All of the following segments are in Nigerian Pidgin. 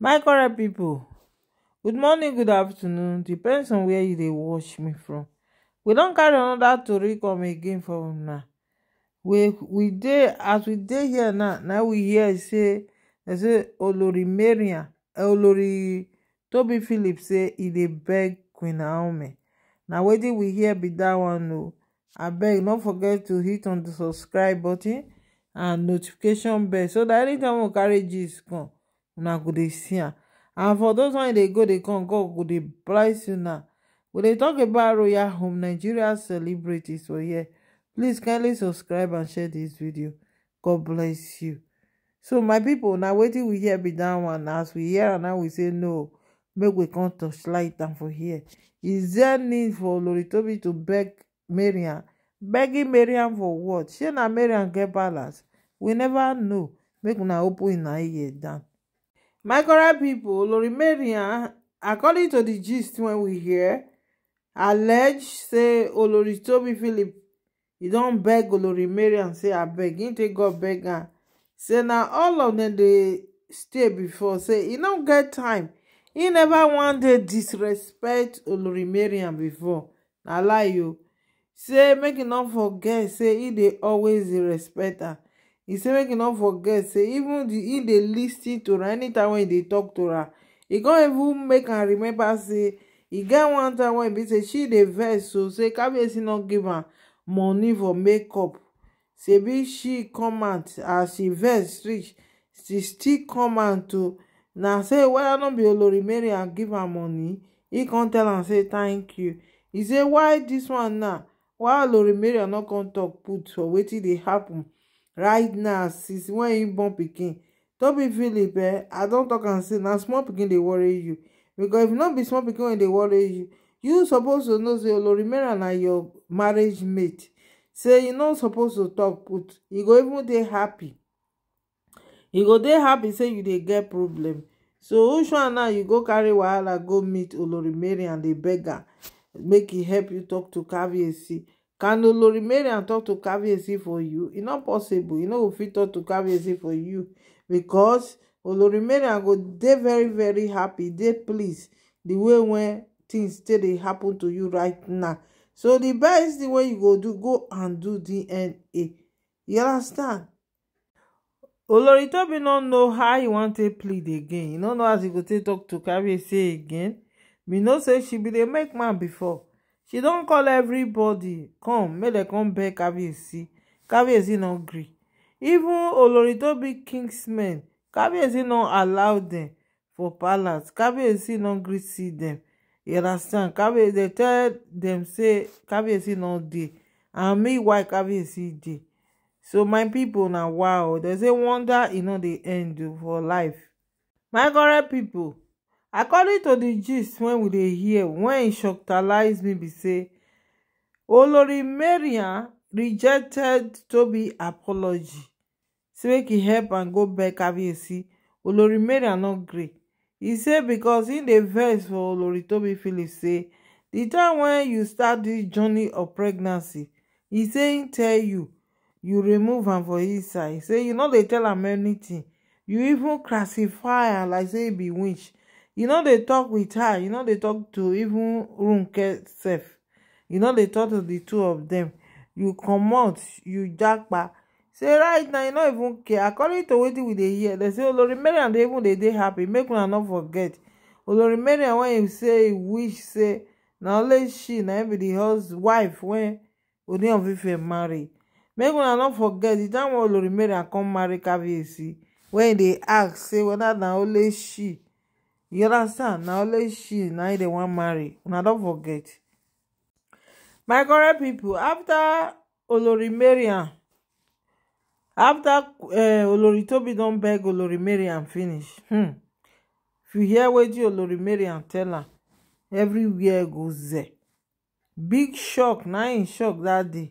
my correct people, good morning good afternoon depends on where you they watch me from we don carry anoda tori come again for now we we dey as we dey here now Now we hear say they say olori marian eh, olori toby phillips say he they beg queen naomi where did we hear be that one No, I beg not forget to hit on the subscribe button and notification bell so dat anytime we carry gist come una go dey see am and for those wen dey go dey come god go dey bless una. we dey tok about royal home nigeria celebrities for here please kindly subscribe and share dis video. god bless you. so my pipo na wetin we hear be dat one as we hear and now we say no make we come touch light am for here is there need for to beg marian begging marian for what shey na marian get palace we never know make una open im eye down my correct people olori according to the gist when we hear allege say olori tobi philip e don't beg olori marian say beg him take god beg her. say now all of them they stay before say e don't get time He never wanted disrespect olori marian before I lie you. say make e not forget say he dey always dey respect her He say make e not forget say even e dey lis ten to her anytime wey e dey talk to her he con even make am remember say e get one time when be say she dey vex so say kabiyesi no give am money for makeup be she come out as she vex reach she still come out to na say why no be olori mary and give am money He con tell am say thank you He say why this one now why olori mary no come talk put for wetin dey happen right now since when you born pikin no be philip eh i don talk am say na small pikin dey worry you because if not be small pikin wey dey worry you you suppose to know say olorimera na your marriage mate say you no suppose to talk put you go even dey happy you go dey happy say you dey get problem so one now you go carry wahala go meet olorimeri and dey beg am make he help you talk to caviarcy can olorimeria talk to caviarcy for you e not possible You know go fit talk to caviarcy for you becos olorimeria oh, go dey very very happy They please the way when things still dey happen to you right now so the best the way you go do go and do dna you understand olori oh, tobi no know how e want to plead again You no know as e go take tok to caviarcy again we know say she bin dey make man before she don call everybody come make dem come beg kabiyesi kabiyesi no gree even olori tobi kingsmen kabiyesi no allow dem for palace kabiyesi no gree see dem you understand kabiyesi dey tell dem say kabiyesi no dey and meanwhile kabiyesi dey so my pipo na wow dem say wonder e no dey end for life my correct pipo according to the gist wey we dey hear wen e shocked me be say olori marian rejected tobi apology say make he help am go beg caviarcy olori marian no gree He say because im dey vex for olori tobi phillips say the time when you start this journey of pregnancy he say im tell you you remove am for inside say you no dey tell am anything. you even classify am like say e be witch you know they talk with her you know they talk to even runke self. you know they talk to the two of them. you come out. you japa say right now you know even care according to wetin we dey hear They say olori Mary and even they dey happy make una not forget olori Mary when you say wish say now let she now im be di wife when oni of ife marry make una not forget di time wey olori Mary come marry kabiyesi when they ask say whether now only she you understand na only she na e dey wan marry i don forget my correct pipo afta olori after afta eh, olori tobi don beg olori mariam finish hmm if you hear wetin olori mariam tell am everywhere go ze big shock na im shock dat day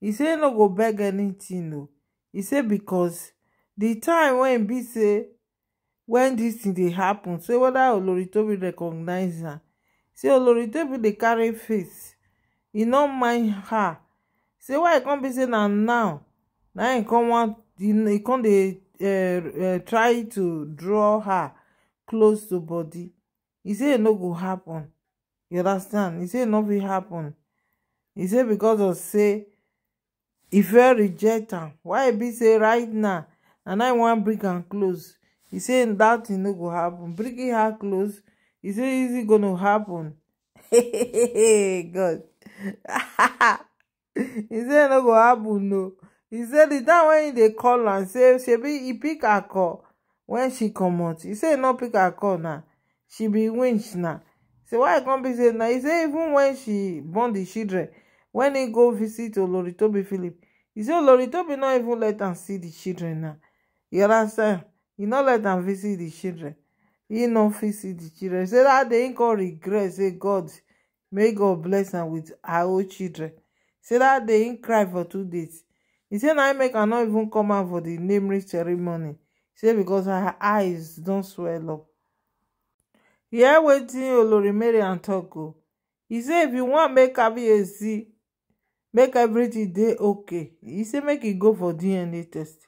e say no go beg anytin o e say becos di time wey be say When this thing dey happen say weda oloritobi recognize her. say oloritobi dey carry face He no mind her say why e come be say na now na he come want he e come dey eh, eh, try to draw her close to body He say e no go happen you understand He say e no fit happen He say because of say if e fit reject am why e be say right now And I e wan bring am close e saying that thing no go happen bringing her close e say easy go no happen god He say no go happen no He say di time wen e call and say she be he pick her call when she comot e say e no pick her call now. she be winch now. So why e come be say now? He say even when she born the children when he go visit oloritobi philip e say oloritobi not even let am see the children now. you understand e not let them visit the children He not visit the children say that they ain't go regret say god may god bless them with our own children say that they ain't cry for two days He say I im make am no even come out for the naming ceremony say because her eyes don't swell up hear wetin olorimarian and o oh? He say if you want make caviar see make everything day okay He say make it e go for dna test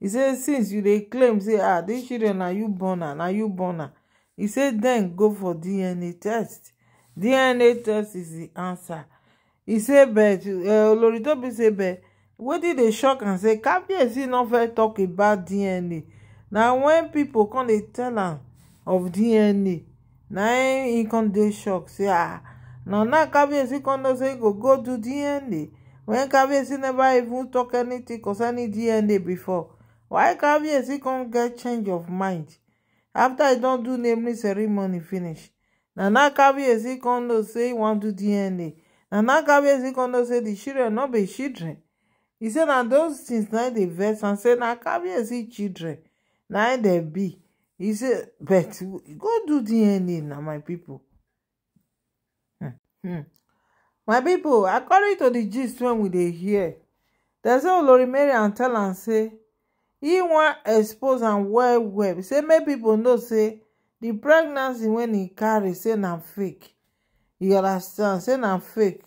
e say since you dey claim say ah dis children na you born am na you born am e say dem go for dna test dna test is di answer. e say but eh, olorito say but wetin dey shock am say kabe no fit tok about dna na wen pipo come dey tell am of dna na im e kon dey shock say ah na now kabe si know say e go go do dna wen kabe si neva even tok anytin concerning any dna before why kabiyesi come get change of mind After I don't do naming ceremony finish na now kabiyesi come to say e wan do dna na now kabiyesi come to say the children not be children He said, "Now those tins na dey vex and say na kabiyesi children na im dem be e say bet go do dna na my people. Hmm, hmm. my pipo according to the gist when we they hear dem say Mary and tell and say e wan expose am well well say make people know say the pregnancy wey he carry say na fake you understand say na fake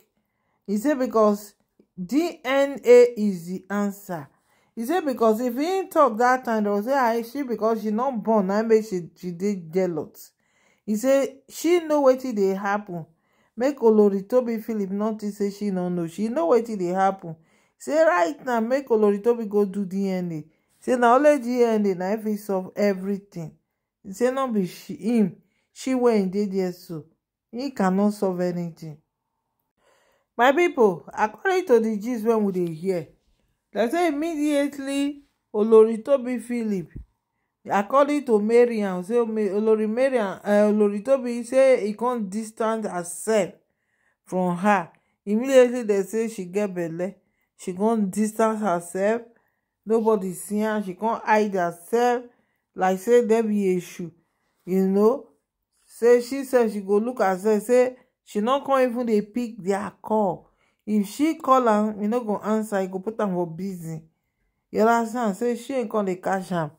He say because dna is the answer He say because if he talk that time dem say ah she because she not born na make she she dey jealous He say she know wetin dey happen make oloritobi philip not think say she no know she know wetin dey happen say right now make oloritobi go do dna say na only gnd na fit solve everything say no be she him she went him dey there so he cannot solve anything my pipo according to the gist when we dey hear They say immediately olori tobi philip according to marian say olori marian eh, olori tobi say he come distance herself from her immediately they say she get belle she come distance herself nobody see her. she come hide herself like say there be a issue you know say she sef she go look at her. say she not come even dey pick dia call if she call am e no go answer e go put am for busy you understand say she ain't come dey catch him.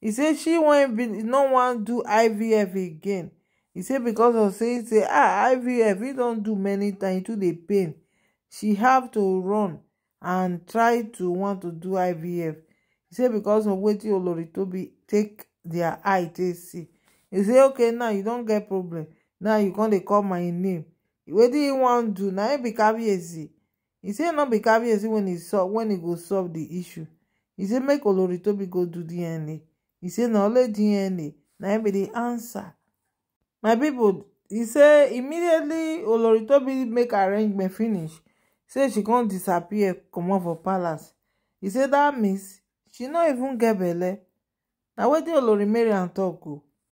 He say she won't be. no one do ivf again He say because of say say ah ivf e don do many times e too pain she have to run and try to want to do IVF. He say because of waiting Oloritobi take their eye take see. He say okay now you don't get problem. Now you come call my name. Wetin he wan do na him be Kabiyesi. He say not be Kabiyesi when he solve when he go solve the issue. He say make Oloritobi go do DNA. He say not only DNA now he be the answer. My people, he say immediately Oloritobi Tobi make arrangement finish say she con disappear comot for palace He say that means she no even get belle na wetin olori mariam talk o oh.